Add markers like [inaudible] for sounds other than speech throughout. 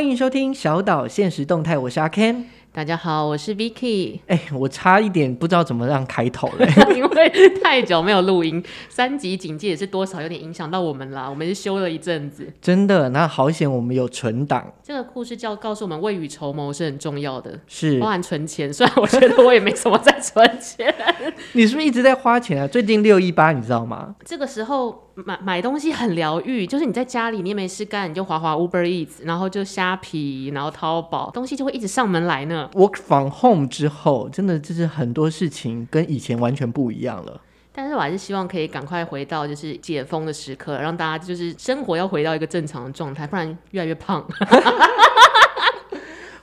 歡迎收聽小島限時動態，我是阿 Ken。大家好，我是 Vicky。哎、欸，我差一點不知道怎麼讓開頭了， [laughs] 因為太久沒有錄音， [laughs] 三級警戒也是多少有點影響到我們啦。我們是休了一陣子，真的。那好險，我們有存檔。這個故事叫告訴我們，未雨綢繆是很重要的。是，包含存錢。雖然我覺得我也沒什麼在存錢， [laughs] 你是不是一直在花錢啊？最近六一八，你知道嗎？這個時候買買東西很療癒，就是你在家裡你也沒事幹，你就滑滑 Uber Eats，然後就蝦皮，然後淘寶，東西就會一直上門來呢。Work from home 之後，真的就是很多事情跟以前完全不一樣了。但是，我還是希望可以趕快回到就是解封的時刻，讓大家就是生活要回到一個正常的狀態，不然越來越胖。 [laughs] [laughs]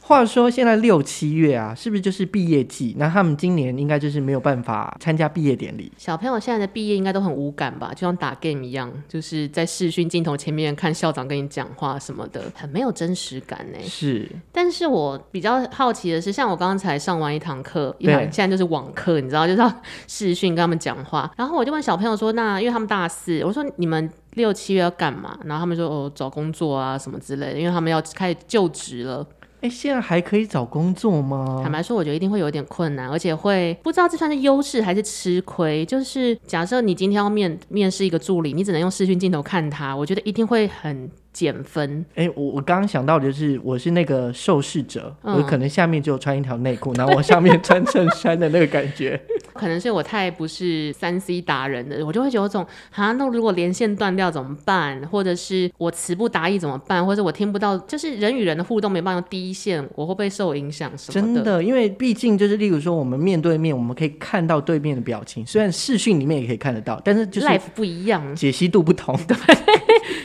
話說現在六七月啊，是不是就是畢業季？那他們今年應該就是沒有辦法參加畢業典禮。小朋友現在的畢業應該都很無感吧？就像打 game 一樣，就是在視訊鏡頭前面看校長跟你講話什麼的，很沒有真實感呢。是，但是我比較好奇的是，像我剛才上完一堂課，對，現在就是網課，你知道，就是要視訊跟他們講話。然後我就問小朋友說：“那因為他們大四，我說你們六七月要幹嘛？”然後他們說哦，找工作啊什麼之類的，因為他們要開始就職了。現在還可以找工作嗎？坦白說，我覺得一定會有點困難，而且會不知道這算是優勢還是吃虧。就是假設你今天要面面試一個助理，你只能用視訊鏡頭看他，我覺得一定會很。減分哎、欸，我我剛剛想到的就是，我是那個受試者、嗯，我可能下面就穿一條內褲，然後我上面穿襯衫的那個感覺。 [laughs] 可能是我太不是三 C 達人的，我就會覺得我總，啊，那如果連線斷掉怎麼辦？或者是我詞不達意怎麼辦？或者我聽不到，就是人與人的互動沒辦法用第一線，我會不會受影響什麼的？真的，因為畢竟就是，例如說我們面對面，我們可以看到對面的表情，雖然視訊裡面也可以看得到，但是就是 life 不一樣，解析度不同，對。 [laughs]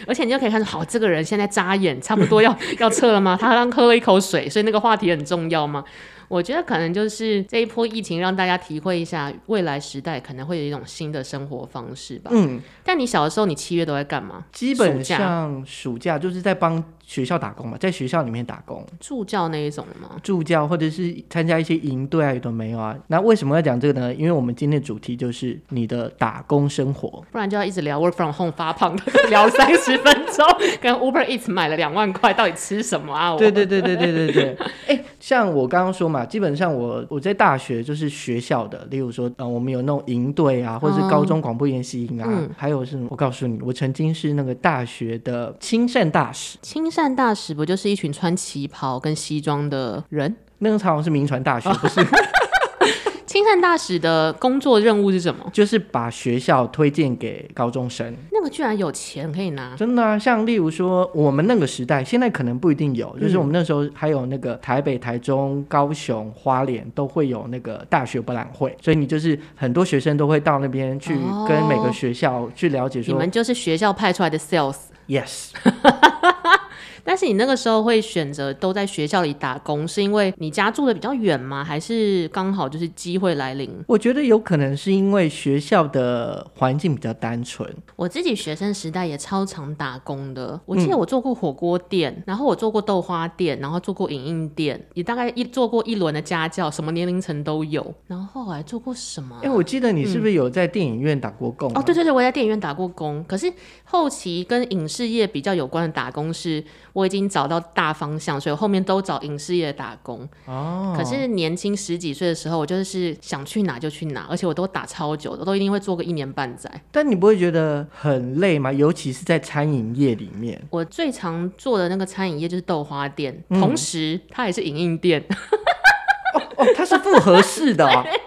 而且你就可以看出，好這個人現在眨眼，差不多要 [laughs] 要撤了嗎？他剛喝了一口水，所以那個話題很重要嗎？我覺得可能就是這一波疫情讓大家體會一下未來時代可能會有一種新的生活方式吧。嗯，但你小的時候，你七月都在幹嘛？基本上暑假，暑假就是在幫。學校打工嘛，在學校裡面打工，助教那一種嗎？助教或者是參加一些營隊啊，有都沒有啊？那為什麼要講這個呢？因為我們今天的主題就是你的打工生活，不然就要一直聊 Work from Home 發胖的， [laughs] 聊三十分鐘， [laughs] 跟 Uber Eats 買了兩萬塊，到底吃什麼啊？對對對對對對對，哎、 [laughs] 欸，像我剛剛說嘛，基本上我我在大學就是學校的，例如說，嗯、呃，我們有那種營隊啊，或者是高中廣播研習營啊、嗯，還有是、嗯，我告訴你，我曾經是那個大學的親善大使親。親善大使不就是一群穿旗袍跟西裝的人？那個採訪是銘傳大學，哦、不是。 [laughs] 親善大使的工作任務是什麼？就是把學校推薦給高中生。那個居然有錢可以拿，真的、啊。像例如說，我們那個時代，現在可能不一定有。嗯、就是我們那時候還有那個台北、台中、高雄、花蓮都會有那個大學博覽會，所以你就是很多學生都會到那邊去跟每個學校去了解說。說、哦、你們就是學校派出來的 sales？Yes。Yes [laughs] 但是你那個時候會選擇都在學校裡打工，是因為你家住得比較遠嗎？還是剛好就是機會來臨？我覺得有可能是因為學校的環境比較單純。我自己學生時代也超常打工的。我記得我做過火鍋店、嗯，然後我做過豆花店，然後做過影印店，也大概一做過一輪的家教，什麼年齡層都有。然後後來做過什麼、啊？因、欸、為我記得你是不是有在電影院打過工、啊、嗯？哦，對對對，我在電影院打過工。可是後期跟影視業比較有關的打工是，我已經找到大方向，所以我後面都找影視業打工。哦。可是年輕十幾歲的時候，我就是想去哪就去哪，而且我都打超久，我都一定會做個一年半載。但你不會覺得很累嗎？尤其是在餐飲業裡面，我最常做的那個餐飲業就是豆花店，嗯、同時它也是影印店， [laughs] 哦哦、它是複合式的，啊。 [laughs]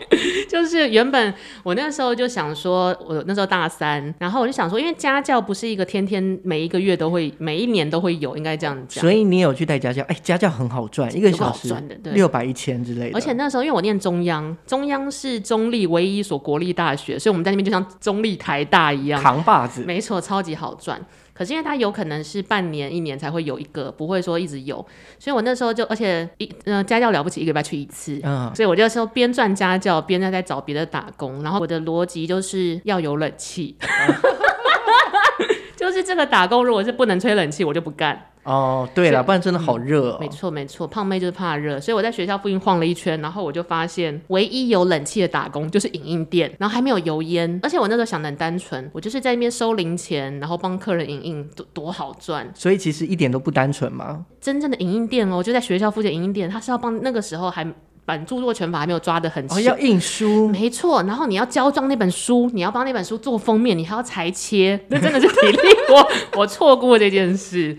就是原本我那時候就想說，我那時候大三，然後我就想說，因為家教不是一個天天每一個月都會每一年都會有，應該這樣講。所以你有去帶家教，哎、欸，家教很好賺，一個小時六百一千之類的。的，而且那時候因為我念中央，中央是中壢唯一一所國立大學，所以我們在那邊就像中壢台大一樣扛把子，沒錯，超級好賺。可是因為他有可能是半年一年才會有一個，不會說一直有，所以我那時候就而且一、呃、家教了不起一個禮拜去一次，嗯，所以我就說邊賺家教邊在在找別的打工，然後我的邏輯就是要有冷氣。 [laughs] 就是這個打工，如果是不能吹冷氣，我就不幹。哦，對了，不然真的好熱哦。沒錯沒錯，胖妹就是怕熱，所以我在學校附近晃了一圈，然後我就發現唯一有冷氣的打工就是影印店，然後還沒有油煙，而且我那時候想的很單純，我就是在那邊收零錢，然後幫客人影印，多多好賺。所以其實一點都不單純嘛。真正的影印店哦，就在學校附近影印店，他是要幫那個時候還。版著作權法還沒有抓得很緊，哦，要印書，沒錯。然後你要膠裝那本書，你要幫那本書做封面，你還要裁切，那 [laughs] 真的是體力活。 [laughs] 我錯過這件事，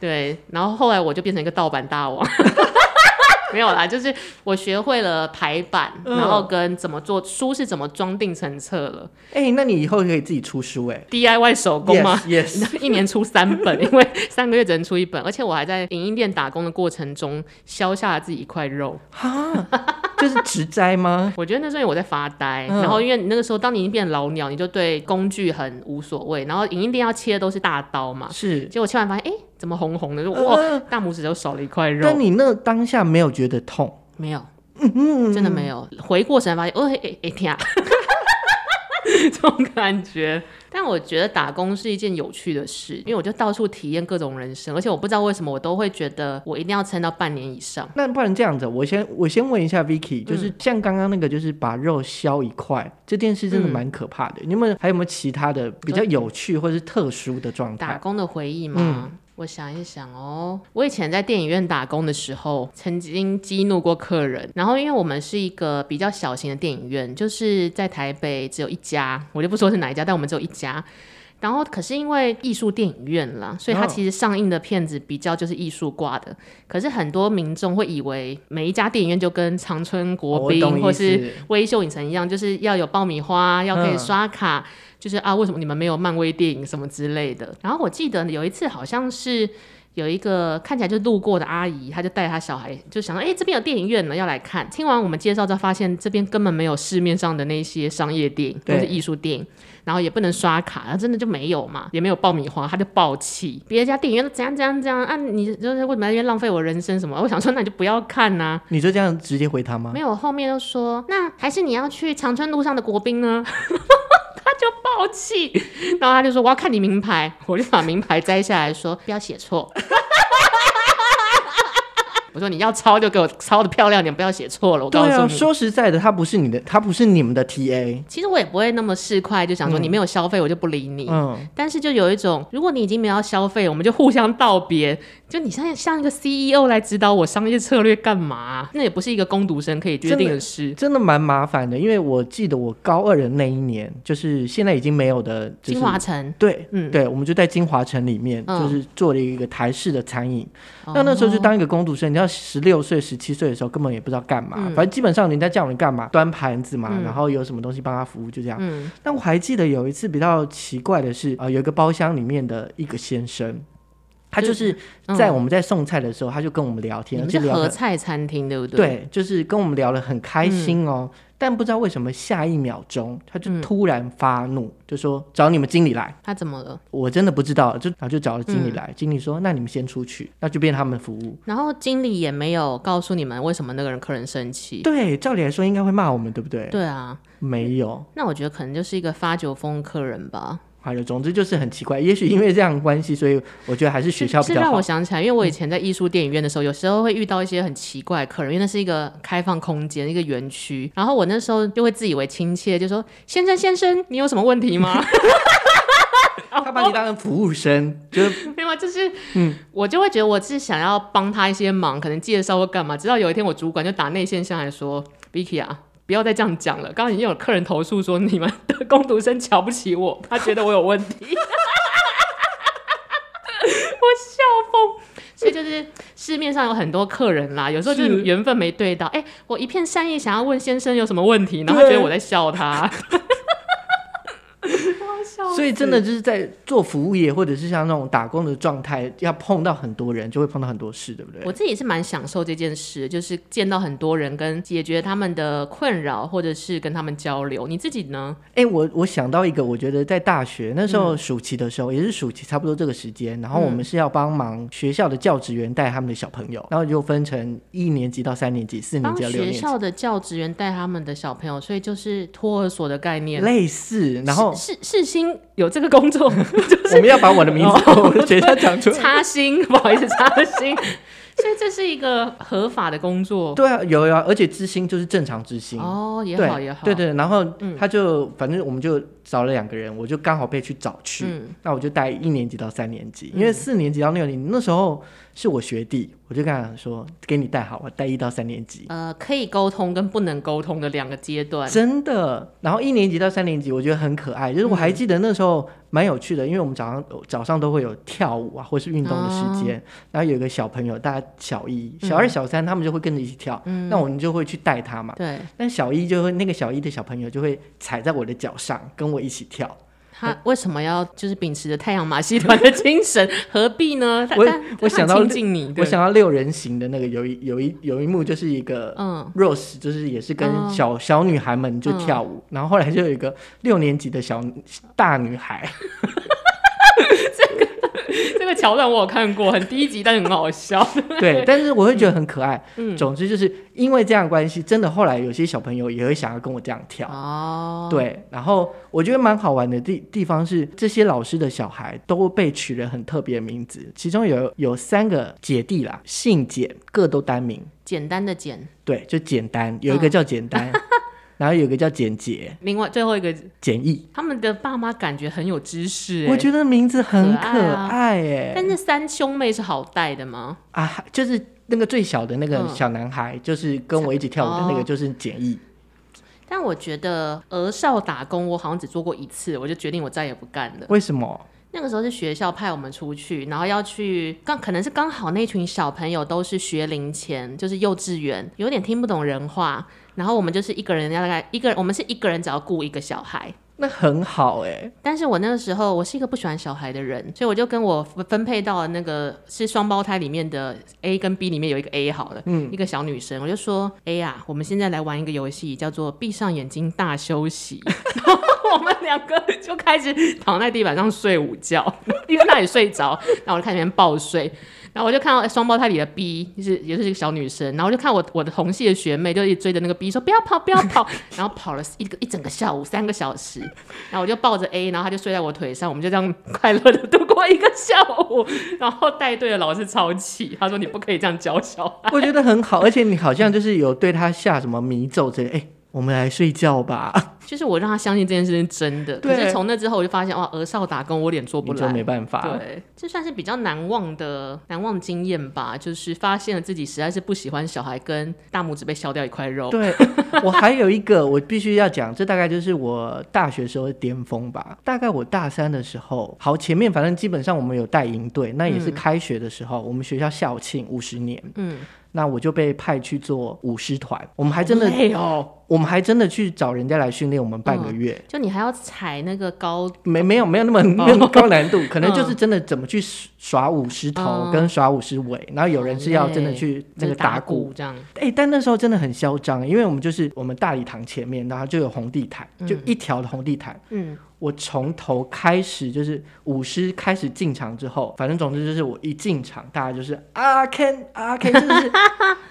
對。然後後來我就變成一個盜版大王。 [laughs] 沒有啦，就是我學會了排版，嗯、然後跟怎麼做書是怎麼裝訂成冊了。哎、欸，那你以後可以自己出書哎、欸、，DIY 手工嗎 yes,？Yes，一年出三本， [laughs] 因為三個月只能出一本，而且我還在影音店打工的過程中削下了自己一塊肉哈。 [laughs] [laughs] 這是植栽嗎？我覺得那時候我在發呆，嗯、然後因為那個時候當你已經變老鳥，你就對工具很無所謂。然後影印店要切的都是大刀嘛，是。結果我切完發現，哎、欸，怎麼紅紅的？就哇、呃，大拇指就少了一塊肉。但你那當下沒有覺得痛，沒有，嗯，真的沒有。回過神發現，哦、欸，哎哎天啊，欸、 [laughs] [laughs] 這種感覺。但我覺得打工是一件有趣的事，因為我就到處體驗各種人生，而且我不知道為什麼我都會覺得我一定要撐到半年以上。那不然這樣子，我先我先問一下 Vicky，就是像剛剛那個，就是把肉削一塊，嗯，這件事真的蠻可怕的。嗯、你們還有沒有其他的比較有趣或是特殊的狀態？打工的回憶嗎？嗯我想一想哦，我以前在電影院打工的時候，曾經激怒過客人。然後，因為我們是一個比較小型的電影院，就是在台北只有一家，我就不說是哪一家，但我們只有一家。然後，可是因為藝術電影院啦，所以它其實上映的片子比較就是藝術掛的、哦。可是很多民眾會以為每一家電影院就跟長春國賓、哦、或是威秀影城一樣，就是要有爆米花，要可以刷卡。就是啊，為什麼你們沒有漫威電影什麼之類的？然後我記得有一次，好像是有一個看起來就路過的阿姨，她就帶她小孩，就想說哎，這邊有電影院呢，要來看。聽完我們介紹之後，發現這邊根本沒有市面上的那些商業電影或者藝術電影，然後也不能刷卡，然後真的就沒有嘛，也沒有爆米花，他就爆氣。別家電影院都怎樣怎樣怎樣啊？你就是為什麼那邊浪費我人生什麼？我想說，那你就不要看吶。你就這樣直接回他嗎？沒有，後面就說，那還是你要去長春路上的國賓呢。 [laughs] 好氣， [laughs] 然後他就說：“我要看你名牌。”我就把名牌摘下來說：“不要寫錯。”我說你要抄就給我抄的漂亮點，不要寫錯了。我告訴你、對啊，說實在的，他不是你的，他不是你們的 TA。其實我也不會那麼市儈，就想說你沒有消費，我就不理你。嗯。但是就有一種，如果你已經沒有消費，我們就互相道別。就你像像一個 CEO 來指導我商業策略幹嘛？那也不是一個工讀生可以決定的事，真的蠻麻煩的。因為我記得我高二的那一年，就是現在已經沒有的、就是、金華城。對，嗯，對，我們就在金華城裡面、嗯，就是做了一個台式的餐飲。那、嗯、那時候就當一個工讀生，你要。十六歲、十七歲的時候，根本也不知道幹嘛。反正基本上人家叫我們幹嘛，端盤子嘛，然後有什麼東西幫他服務，就這樣。但我還記得有一次比較奇怪的是，啊，有一個包廂裡面的一個先生，他就是在我們在送菜的時候，他就跟我們聊天，是合菜餐廳對不對？對，就是跟我們聊得很開心哦、喔。但不知道為什麼，下一秒鐘他就突然發怒，嗯、就說找你們經理來。他怎麼了？我真的不知道。就然後就找了經理來、嗯，經理說：“那你們先出去，那就變他們服務。”然後經理也沒有告訴你們為什麼那個人客人生氣。對，照理來說應該會罵我們，對不對？對啊，沒有。那我覺得可能就是一個發酒瘋的客人吧。總之就是很奇怪，也許因為這樣的關係，所以我覺得還是學校比較好。讓我想起來，因為我以前在藝術電影院的時候、嗯，有時候會遇到一些很奇怪的客人，因為那是一個開放空間，一個園區。然後我那時候就會自以為親切，就說：“先生，先生，你有什麼問題嗎？”嗯、 [laughs] [laughs] 他把你當成服務生，就是沒有啊，就是嗯，我就會覺得我是想要幫他一些忙，可能介紹或幹嘛。直到有一天，我主管就打內線上來說：“Vicky 啊。”不要再這樣講了。剛剛已經有客人投訴說，你們的工讀生瞧不起我，他覺得我有問題， [laughs] [laughs] 我笑瘋。所以就是市面上有很多客人啦，有時候就是緣分沒對到。哎、欸，我一片善意想要問先生有什麼問題，然後他覺得我在笑他。所以真的就是在做服務業，或者是像那種打工的狀態，要碰到很多人，就會碰到很多事，對不對？我自己也是蠻享受這件事，就是見到很多人，跟解決他們的困擾，或者是跟他們交流。你自己呢？哎、欸，我我想到一個，我覺得在大學那時候暑期的時候、嗯，也是暑期差不多這個時間，然後我們是要幫忙學校的教職員帶他們的小朋友、嗯，然後就分成一年級到三年級、四年級到六年級，學校的教職員帶他們的小朋友，所以就是托兒所的概念類似。然後是是，是新。有這個工作 [laughs] ，我們要把我的名字、哦、 [laughs] 我的學校講出來。插心，不好意思，插心。 [laughs] 所以這是一個合法的工作，對啊，有有、啊，而且知心就是正常知心哦，也好也好，對，對對。然後他就，嗯、反正我們就。少了兩個人，我就剛好被去找去，嗯、那我就帶一年級到三年級，嗯，因為四年級到六年級那時候是我學弟，嗯、我就跟他講說，給你帶好，我帶一到三年級。呃，可以溝通跟不能溝通的兩個階段，真的。然後一年級到三年級，我覺得很可愛，嗯、就是我還記得那時候蠻有趣的，因為我們早上早上都會有跳舞啊或是運動的時間，哦，然後有一個小朋友，大家小一、嗯、小二、小三，他們就會跟着一起跳，嗯，那我們就會去帶他嘛。對。但小一就會那個小一的小朋友就會踩在我的腳上，跟我一起跳，他為什麼要就是秉持着太陽馬戲團的精神？ [laughs] 何必呢？我我想到敬你，我想到六人行的那個有有一有一幕，就是一個 Rose，嗯，Rose 就是也是跟小，哦，小女孩們就跳舞，嗯，然後後來就有一個六年級的小大女孩。嗯 [laughs] [laughs] 這個橋段我有看過，很低級，但是很好笑。 [laughs] 對，但是我會覺得很可愛。嗯，總之就是因為這樣關係，真的後來有些小朋友也會想要跟我這樣跳。哦，對，然後我覺得蠻好玩的地地方是，這些老師的小孩都被取了很特別的名字，其中有有三個姐弟啦，姓簡，各都單名簡單的簡，對，就簡單，有一個叫簡單。哦 [laughs] 然後有一個叫簡潔，另外最後一個簡易。他們的爸媽感覺很有知識。欸、我覺得名字很可愛哎、啊欸，但是三兄妹是好帶的嗎？啊，就是那個最小的那個小男孩，嗯、就是跟我一起跳舞的那個，就是簡易、哦。但我覺得兒少打工，我好像只做過一次，我就決定我再也不幹了。為什麼？那個時候是學校派我們出去，然後要去剛，可能是剛好那群小朋友都是學齡前，就是幼稚園，有點聽不懂人話。然後我們就是一個人，要大概一個，我們是一個人，只要顧一個小孩，那很好哎、欸。但是我那個時候，我是一個不喜歡小孩的人，所以我就跟我分配到那個是雙胞胎裡面的 A 跟 B 裡面有一個 A 好了，嗯，一個小女生，我就說 A 啊，我們現在來玩一個遊戲，叫做閉上眼睛大休息。 [laughs] 然後我們兩個就開始躺在地板上睡午覺，因為那裡睡着，然後我就看別人暴睡。然後我就看到雙胞胎裡的 B，就是也是一個小女生，然後就看我我的同系的學妹，就一直追着那個 B 說不要跑不要跑， [laughs] 然後跑了一個一整個下午三個小時，然後我就抱着 A，然後他就睡在我腿上，我們就這樣快樂的度過一個下午，然後帶隊的老師超氣，他說你不可以這樣教小孩，我覺得很好，而且你好像就是有對他下什麼迷咒之類，哎、欸。我們來睡覺吧。就是我讓他相信這件事是真的。 [laughs] 可是從那之後，我就發現哇，兒少打工我臉做不來，我就沒辦法。對，這算是比較難忘的難忘的經驗吧。就是發現了自己實在是不喜歡小孩跟大拇指被削掉一塊肉。對 [laughs] 我還有一個，我必須要講，這大概就是我大學時候的巔峰吧。大概我大三的時候，好前面反正基本上我們有帶營隊，那也是開學的時候，嗯、我們學校校慶五十年。嗯，那我就被派去做舞獅團，我們還真的我們還真的去找人家來訓練我們半個月、嗯，就你還要踩那個高，沒沒有沒有那麼、哦、沒有那麼高難度、哦，可能就是真的怎麼去耍舞獅頭跟耍舞獅尾、哦，然後有人是要真的去那個打鼓,、嗯、打鼓這樣。哎、欸，但那時候真的很囂張，因為我們就是我們大禮堂前面，然後就有紅地毯、嗯，就一條的紅地毯。嗯，我從頭開始就是舞獅開始進場之後，反正總之就是我一進場，大家就是阿 Ken，阿 Ken 就是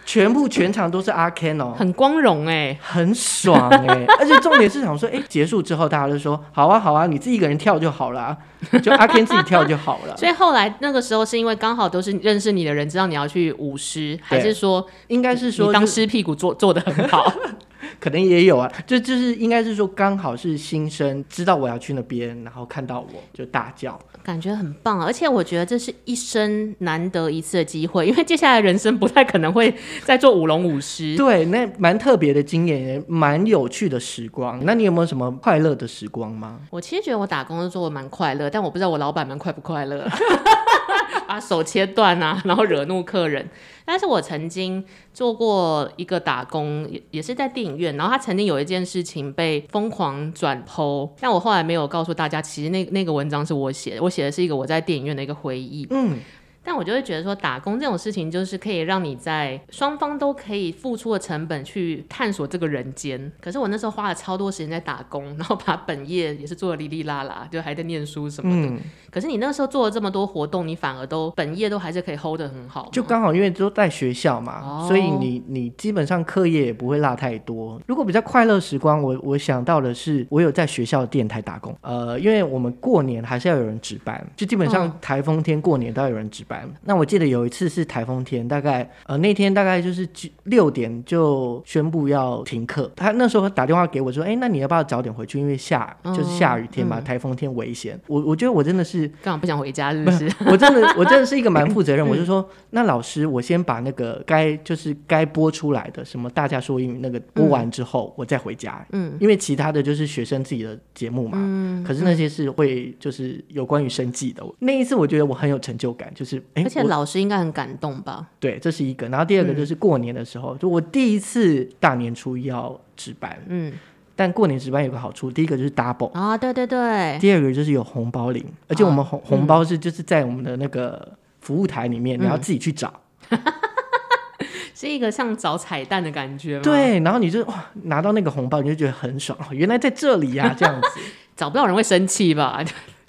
全部全場都是阿 Ken 哦，很光榮哎、欸，很。很爽哎、欸， [laughs] 而且重點是想說，哎、欸，結束之後大家就說，好啊好啊，你自己一個人跳就好了，就阿 Ken 自己跳就好了。 [laughs] 所以後來那個時候是因為剛好都是認識你的人知道你要去舞獅，還是說應該是說、就是、當獅屁股做做得很好。 [laughs] 可能也有啊，就就是應該是說剛好是新生，知道我要去那邊，然後看到我就大叫，感覺很棒啊，而且我覺得這是一生難得一次的機會，因為接下來人生不太可能會再做舞龍舞獅。 [laughs] 對，那蠻特別的經驗，蠻有趣的時光。那你有沒有什麼快樂的時光嗎？我其實覺得我打工的時候蠻快樂，但我不知道我老闆們快不快樂。 [laughs] 把手切斷啊，然後惹怒客人，但是我曾經做過一個打工，也也是在電影院。然後他曾經有一件事情被瘋狂轉 PO，但我後來沒有告訴大家，其實那那個文章是我寫的，我寫的是一個我在電影院的一個回憶。嗯。但我就會覺得說，打工這種事情就是可以讓你在雙方都可以付出的成本去探索這個人間。可是我那時候花了超多時間在打工，然後把本業也是做的哩哩啦啦，就還在念書什麼的。可是你那時候做了這麼多活動，你反而都本業都還是可以 hold 得很好。就剛好因為都在學校嘛，哦、所以你你基本上課業也不會落太多。如果比較快樂時光，我我想到的是，我有在學校的電台打工。呃，因為我們過年還是要有人值班，就基本上台風天過年都要有人值班。哦那我記得有一次是颱風天，大概呃那天大概就是六點就宣佈要停課。他那時候打電話給我說：“哎、欸，那你要不要早點回去？因為下、嗯、就是下雨天嘛，台、嗯、風天危險。”我我覺得我真的是幹嘛不想回家是是，是不是？我真的，我真的是一個蠻負責任。 [laughs] 我就說：“那老師，我先把那個該就是該播出來的什麼大家說英語那個播完之後，嗯、我再回家。”嗯，因為其他的就是學生自己的節目嘛。嗯，可是那些是會就是有關於生計的、嗯。那一次我覺得我很有成就感，就是。欸、而且老師應該很感動吧、欸？對，這是一個。然後第二個就是過年的時候，嗯、就我第一次大年初一要值班。嗯，但過年值班有個好處，第一個就是 double 啊，對對對。第二個就是有紅包領、啊，而且我們紅、嗯、紅包是就是在我們的那個服務台裡面，你、嗯、要自己去找， [laughs] 是一個像找彩蛋的感覺嗎？對，然後你就哇拿到那個紅包，你就覺得很爽，原來在這裡呀、啊，這樣子 [laughs] 找不到人會生氣吧？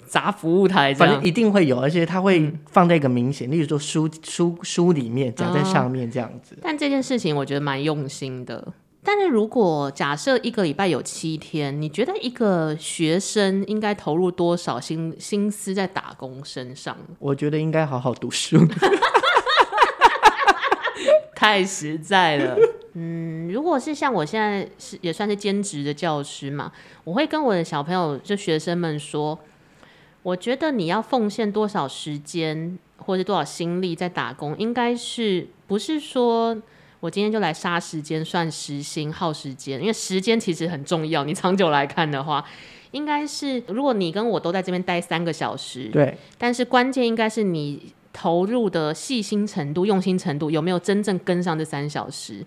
砸服務台，反正一定會有，而且他會放在一個明顯、嗯，例如說書書書裡面夾在上面這樣子、啊。但這件事情我覺得蠻用心的。但是如果假設一個禮拜有七天，你覺得一個學生應該投入多少心心思在打工身上？我覺得應該好好讀書。 [laughs] [laughs] 太實在了。嗯，如果是像我現在是也算是兼職的教師嘛，我會跟我的小朋友就學生們說。我覺得你要奉獻多少時間，或是多少心力在打工，應該是不是說我今天就來殺時間算時薪耗時間？因為時間其實很重要，你長久來看的話，應該是如果你跟我都在這邊待三個小時，對，但是關鍵應該是你投入的細心程度、用心程度有沒有真正跟上這三小時。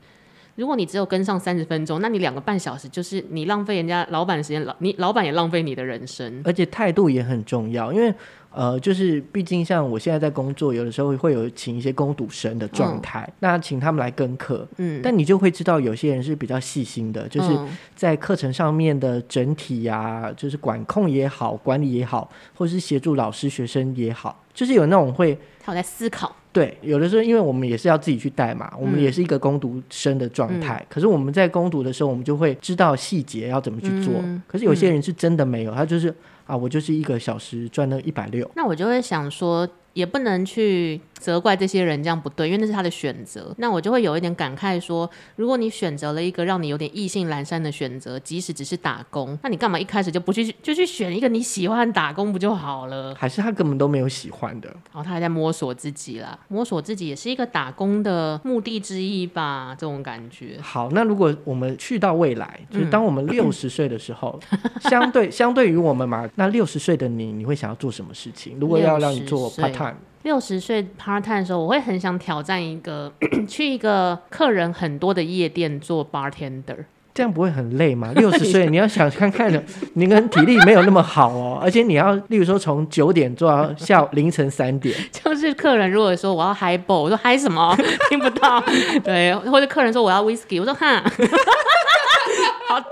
如果你只有跟上三十分鐘，那你兩個半小時就是，你浪費人家老闆的時間，老，你老闆也浪費你的人生，而且態度也很重要，因為呃，就是畢竟像我現在在工作，有的時候會有請一些工讀生的狀態、嗯，那請他們來跟課，嗯，但你就會知道有些人是比較細心的，就是在課程上面的整體呀，、啊，就是管控也好，管理也好，或是協助老師、學生也好，就是有那種會他有在思考。對，有的時候，因為我們也是要自己去帶嘛、嗯，我們也是一個工讀生的狀態、嗯。可是我們在工讀的時候，我們就會知道細節要怎麼去做、嗯。可是有些人是真的沒有，嗯、他就是啊，我就是一個小時賺到一百六。那我就會想說。也不能去責怪這些人，這樣不對，因為那是他的選擇。那我就會有一點感慨說，說如果你選擇了一個讓你有點意興闌珊的選擇，即使只是打工，那你幹嘛一開始就不去，就去選一個你喜歡打工不就好了？還是他根本都沒有喜歡的？然、嗯、後他還在摸索自己啦，摸索自己也是一個打工的目的之一吧，這種感覺。好，那如果我們去到未來，就是當我們六十歲的時候，嗯、 [laughs] 相對相對於我們嘛，那六十歲的你，你會想要做什麼事情？如果要讓你做 part time。六十歲 part time 的時候，我會很想挑戰一個 [coughs] 去一個客人很多的夜店做 bartender。這樣不會很累嗎？六十歲你要想看看 [laughs] 你跟體力沒有那麼好哦，而且你要，例如說從九點做到下午凌晨三點，就是客人如果說我要 high ball，我說嗨什麼？聽不到， [laughs] 對，或者客人說我要 whisky，我說哈、huh? [laughs]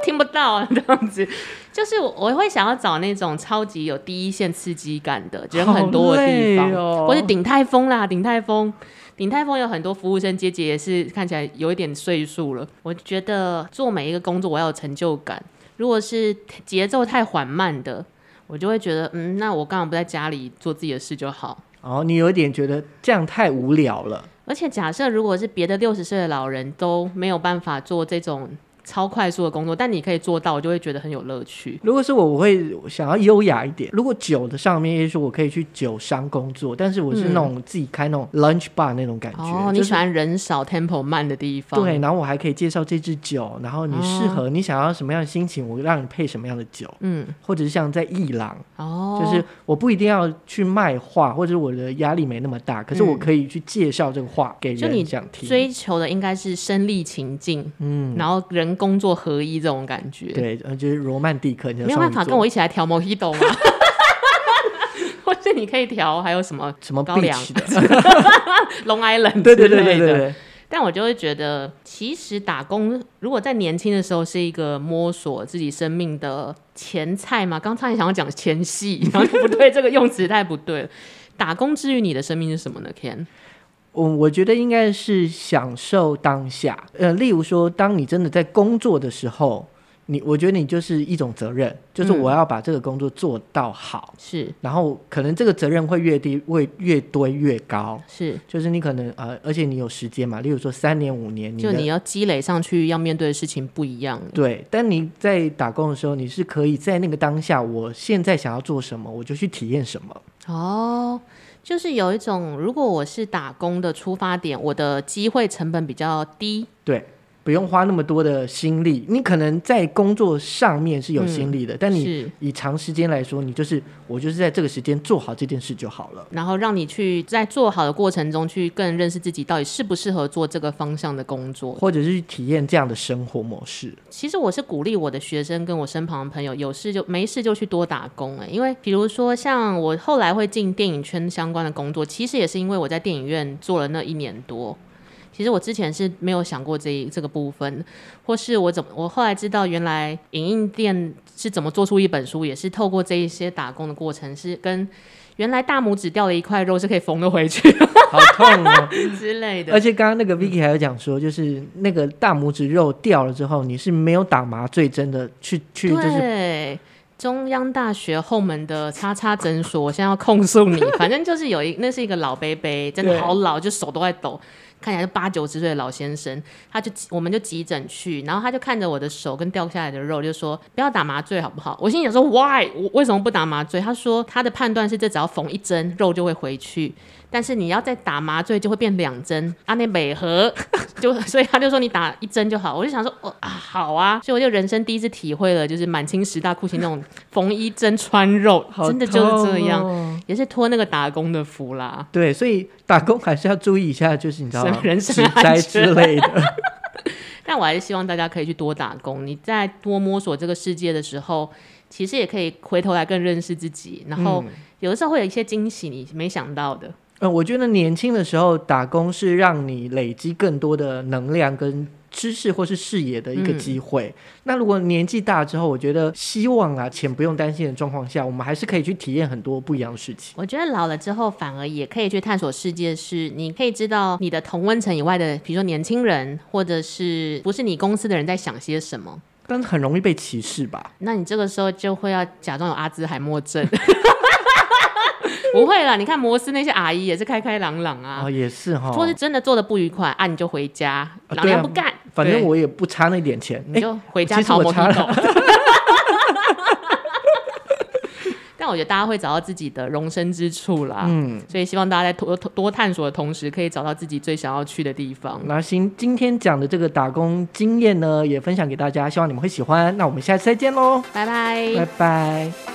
聽不到啊，這樣子，就是我我會想要找那種超級有第一線刺激感的、人很多的地方，或、哦、是頂泰豐啦，鼎泰豐，鼎泰豐有很多服務生姐姐也是看起來有一點歲數了。我覺得做每一個工作我要有成就感，如果是節奏太緩慢的，我就會覺得嗯，那我剛好不在家裡做自己的事就好。哦，你有一點覺得這樣太無聊了。而且假設如果是別的六十歲的老人都沒有辦法做這種。超快速的工作，但你可以做到，我就會覺得很有樂趣。如果是我，我會想要優雅一點。如果酒的上面，也許我可以去酒商工作，但是我是那種自己開那種 lunch bar、嗯、那種感覺。哦，就是、你喜歡人少、tempo 慢的地方。對，然後我還可以介紹這支酒。然後你適合，你想要什麼樣的心情，我讓你配什麼樣的酒。嗯、哦，或者是像在藝廊，哦，就是我不一定要去賣畫，或者我的壓力沒那麼大，可是我可以去介紹這個畫給人講聽。就追求的應該是身歷情境，嗯，然後人。工作合一這種感覺，對，呃，就是羅曼蒂克。你沒有辦法跟我一起來調 Mojito 嗎？ [laughs] [laughs] 或者你可以調還有什麼什麼高粱的 Long Island？ [laughs] Long Island 對,對對對對對。但我就會覺得，其實打工如果在年輕的時候是一個摸索自己生命的前菜嘛。剛才你想要講前戲，然後不對，這個用詞太不對。 [laughs] 打工之於你的生命是什麼呢？Ken。我我覺得應該是享受當下，呃，例如說，當你真的在工作的時候，你我覺得你就是一種責任，嗯，就是我要把這個工作做到好。是。然後可能這個責任會越低，會越堆越高。是。就是你可能呃，而且你有時間嘛，例如說三年五年你，就你要積累上去，要面對的事情不一樣。對。但你在打工的時候，你是可以在那個當下，我現在想要做什麼，我就去體驗什麼。哦。就是有一種，如果我是打工的出發點，我的機會成本比較低。對。不用花那麼多的心力，你可能在工作上面是有心力的，嗯、但你是以長時間來說，你就是我就是在這個時間做好這件事就好了，然後讓你去在做好的過程中去更認識自己到底適不適合做這個方向的工作，或者是去體驗這樣的生活模式。其實我是鼓勵我的學生跟我身旁的朋友有事就沒事就去多打工，欸、因為比如說像我後來會進電影圈相關的工作，其實也是因為我在電影院做了那一年多。其實我之前是沒有想過這一這個部分，或是我怎麼我後來知道原來影印店是怎麼做出一本書，也是透過這一些打工的過程，是跟原來大拇指掉了一塊肉是可以縫得回去，好痛哦， [laughs] 之類的。而且剛剛那個 Vicky 還有講說，就是那個大拇指肉掉了之後，你是沒有打麻醉針的，去去、就是、對中央大學後門的叉叉診所，我現在要控訴你， [laughs] 反正就是有一那是一個老杯杯，真的好老，就手都在抖。看起來是八九十歲的老先生，他就我們就急診去，然後他就看着我的手跟掉下來的肉，就說，不要打麻醉好不好？我心裡想說 why 我為什麼不打麻醉？他說他的判斷是這只要縫一針肉就會回去，但是你要再打麻醉就會變兩針啊，那美和就，所以他就說你打一針就好，我就想說哦啊好啊，所以我就人生第一次體會了就是滿清十大酷刑那種縫一針穿肉，好痛哦，真的就是這樣。也是托那個打工的福啦，對，所以打工還是要注意一下，就是你知道嗎？人身災之類的。 [laughs] 但我還是希望大家可以去多打工，你在多摸索這個世界的時候，其實也可以回頭來更認識自己，然後有的時候會有一些驚喜你沒想到的。嗯，呃，我覺得年輕的時候打工是讓你累積更多的能量跟。知識或是視野的一個機會，嗯。那如果年紀大之後，我覺得希望啊，錢不用擔心的狀況下，我們還是可以去體驗很多不一樣的事情。我覺得老了之後，反而也可以去探索世界，是你可以知道你的同溫層以外的，比如說年輕人，或者是不是你公司的人在想些什麼。但很容易被歧視吧？那你這個時候就會要假裝有阿茲海默症。不會啦，你看摩斯那些阿姨也是開開朗朗啊，哦也是哈。或是真的做的不愉快啊，你就回家，老娘不幹，啊。反正我也不差那點錢，你就回家炒蘑菇。但我覺得大家會找到自己的容身之處啦，嗯，所以希望大家在多多探索的同時，可以找到自己最想要去的地方。那行，今天講的這個打工經驗呢，也分享給大家，希望你們會喜歡。那我們下次再見嘍，拜拜，拜拜。